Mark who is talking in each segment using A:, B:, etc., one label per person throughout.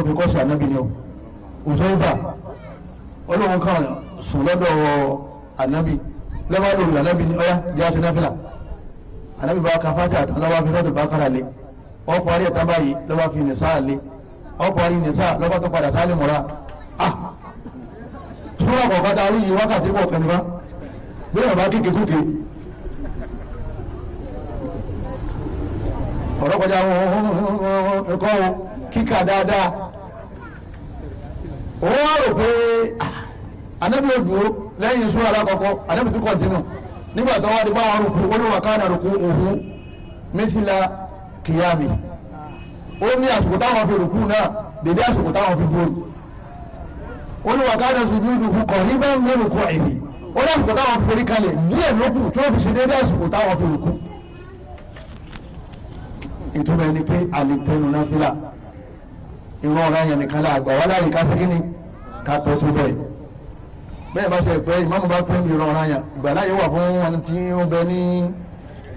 A: omi kọ́sọ̀ ànábì ni o òṣèlúfà olóhùn kan sùn lọ́dọ̀ ànábì lọ́wọ́ lórí ànábì ni ọ̀yá jẹ́ aṣọ náfìlà ànábì bá ka fájà àtàn lọ́wọ́ fi lọ́dọ̀ bákàrà lé ọ̀pọ̀ àrí ẹ̀tàn báyìí lọ́wọ́ fi nìsá lé ọ̀pọ̀ àrí nìsá lọ́wọ́ tó padà sálẹ̀ mọ́ra ah súnmọ́ kọ̀ọ̀kan tá a rí yìí wákàtí pọ̀ kẹ́nìfà bí ọ̀bá kéke kúke ọ̀rọ̀ kọjá ẹ̀kọ́ kíkà dáadáa rò pé anabi odò lẹ́yìn sùúrù alákọ̀ọ́kọ́ anabi ti kọ̀ntínù nígbà tó wá di báwọn rúkú ó ní na rúkú òhun mẹ́tìlá kìyàmì ó ní àsìkò táwọn fi rúkú náà dèdè àsìkò táwọn fi gbóòrò ó ní wàkánà sùdú ìdùkú kọ̀ ní bá ń gbé rúkú ẹ̀yìn ó ní àsìkò táwọn fi forí kalẹ̀ díẹ̀ lókù tí wọ́n fi ṣe dèdè àsìkò táwọn fi rúkú ìtumọ̀ ẹni pé àlè pẹ́nu náà fílà ìwọ̀n ọ̀rọ̀ yẹn nìkan láàgbà wọ́n láyé ká sí kíni ká pẹ́ tó bẹ́ẹ̀ bẹ́ẹ̀ bá ṣe pẹ́ ìmáàmù bá pín ìrọ̀ ọ̀ràn yàn ìgbà láyé wà fún wọn tí ó bẹ ní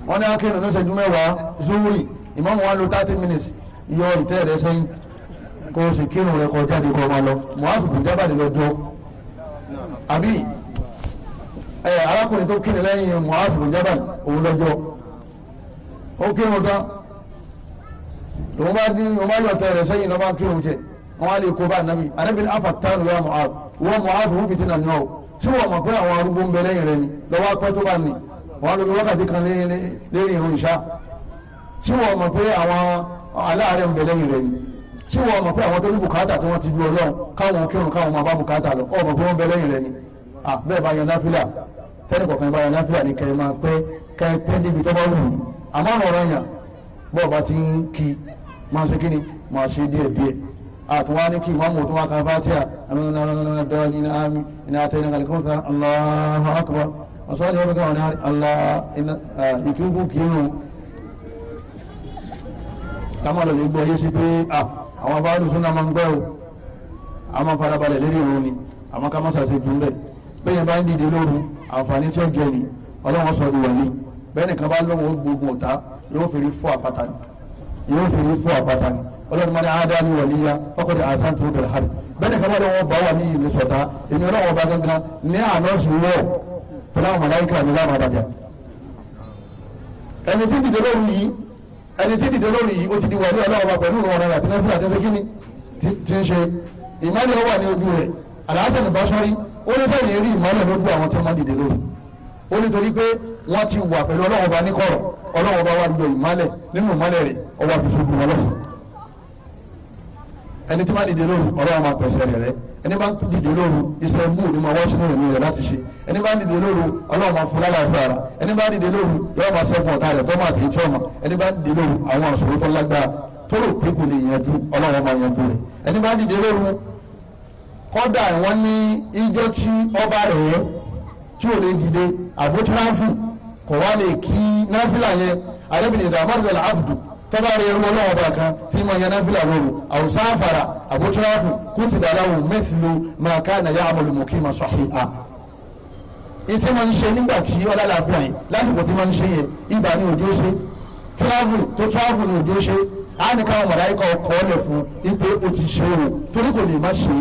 A: wọn ní akérò ní ṣẹ́jú mẹ́wàá zúwúrì ìmáàmù wa lo thirty minutes yọ ìtẹ́ rẹ sẹ́yìn kó o sì kírun rẹ kọjá di kọ́ máa lọ muhasu bùjábà lè lọ jọ àbí ẹ arákùnrin tó kírun lẹ́yìn muhasu bùjábà òun lọ jọ ó kírun tán òun bá yọ ìtẹ́ rẹ sẹ́yìn lọ́ bá kírun jẹ àwọn àlè kó bá ànábì ànábì ní afatánu ya mu'ad wọ mu'ad fún fìtínà ni tí wọn mọ̀ pé àwọn arúgbó ń ni lọ́wọ́ bá ní lómi wákàtí kan lérí ìhun ìṣá tí wọn mọ̀ pé àwọn aláàárẹ̀ ń bẹ lẹ́yìn rẹ ni tí wọn mọ̀ pé àwọn tó ní tí wọ́n ti ọlọ́run lọ pé wọ́n ni bẹ́ẹ̀ bá yan àtúwá ní kí ìmọ̀mù tó wá kan fatiha alonso ní àmì iná àtẹ̀yìn náà kàlíkùn sàn Allahu akbar ọ̀sọ́ ni wọ́n bẹ̀rẹ̀ wọn ní Allah ìkíkú kírun kámọ́ lọ́lẹ̀ gbọ́ yé sí pé àwọn abáwọn ìfún náà máa ń gbẹ́ o àmọ́ farabalẹ̀ lérí ìrún ni àmọ́ ká má sàṣe dùn bẹ́ẹ̀ bẹ́ẹ̀ bá ń dìde lóru àǹfààní tí ó jẹ ni ọlọ́wọ́n sọ ìwà ni bẹ́ẹ̀ nìkan bá lọ́wọ́ gbogbo ọ̀tá yóò fi rí fọ́ àpáta ni yóò fi rí fọ́ ọlọ́run mọ́ni ádámù wàlíyá fọkọ̀dé àṣà tó bẹ̀rẹ̀ hàrì bẹ́ẹ̀ ni kaba ló wọ́n bá wà ní ìlú sọ̀tà èmi ọlọ́run ọba kankan ní àná sùn wọ̀ fúláwọn màláìkà ni láwọn abàjá ẹni tí dìde lórí yìí ẹni tí dìde lórí yìí ó ti di wàlíyà ọlọ́run ọba pẹ̀lú ìrọ̀rùn àti náfìlà àti sẹ́kínì ti ń ṣe ìmọ̀lẹ̀ ó wà ní ojú rẹ̀ àlàáfíà ní basọ́rí ó ní sẹ́yìn eré ìmọ̀lẹ̀ ló gbọ́ àwọn tí wọ́n dìde lórí ó ní torí pé wọ́n ti wà pẹ̀lú ọlọ́run ọba níkọ̀rọ̀ ọlọ́run wà lọ ìmọ̀lẹ̀ nínú ìmọ̀lẹ̀ rẹ̀ ọwọ́ àfisùn kùn wọn lọ́sàn-án ẹni tí wọ́n dìde lóru ọ̀rọ̀ àwọn apẹ̀sẹ̀ rẹ̀ rẹ̀ ẹni bá dìde lóru iṣẹ́ mú ni mo wọ́ṣọ́ nínú rẹ̀ láti ṣe ẹni bá dìde lóru ọlọ́run máa fún lálàáfíà ara ẹni bá dìde lóru yọ̀ọ́ máa ṣẹ́gun ọ̀tá rẹ̀ tọ́mọ àti ìtọ́mọ ẹni bá dìde lóru àwọn àṣòro tó lágbára tó rò pé kò lè yanjú ọlọ́run máa yanjú rẹ̀ ẹni bá dìde lóru kọ́dà wọ́n ní ijó tí ọba rẹ̀ tí ò lè dìde àbótúráfù kò wá lè kí náfìlà yẹn arábìnrin tọ́ba rẹ̀ ẹrú ọlọ́wọ́ bá kan tí ma yan náfìlà lóru àwùsá àfàrà àbótúráfù kó ti dà láwù mẹ́sìlú máa ká nàyà àmọ̀lùmọ̀kì máa sọ àhìn à. ìtí ma ń ṣe nígbà tí ọlọ́láàfíà yẹn lásìkò tí ma ń ṣe yẹn ibà ni òjò ṣe tíráfù tó tíráfù ni òjò ṣe á ní káwọn mọ̀láyíkà ọkọ̀ ọ̀lẹ̀ fún ipe o ti ṣe o torí kò lè má ṣe.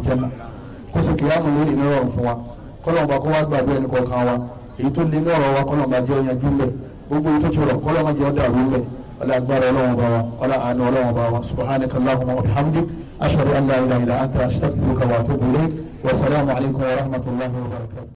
A: lẹ́yìn kó sì kìyàmù lè nínú ọ̀rọ̀ fún wa kọ́lọ́mọba kó wá gbàgbé ẹnì kọ̀ọ̀kan wa èyí tó lé ní ọ̀rọ̀ wa kọ́lọ́mọba jẹ́ ọ̀yanjú ńlẹ̀ gbogbo èyí tó ti rọ̀ kọ́lọ́mọ jẹ́ ọ̀dàrú ńlẹ̀ ọ̀là agbára ọlọ́wọ́n wa ọ̀là àánú ọlọ́wọ́n wa subhanaka allahumma wa bihamdik ashhadu an la ilaha illa anta astaghfiruka wa atubu ilayk wa alaykum wa rahmatullahi wa barakatuh.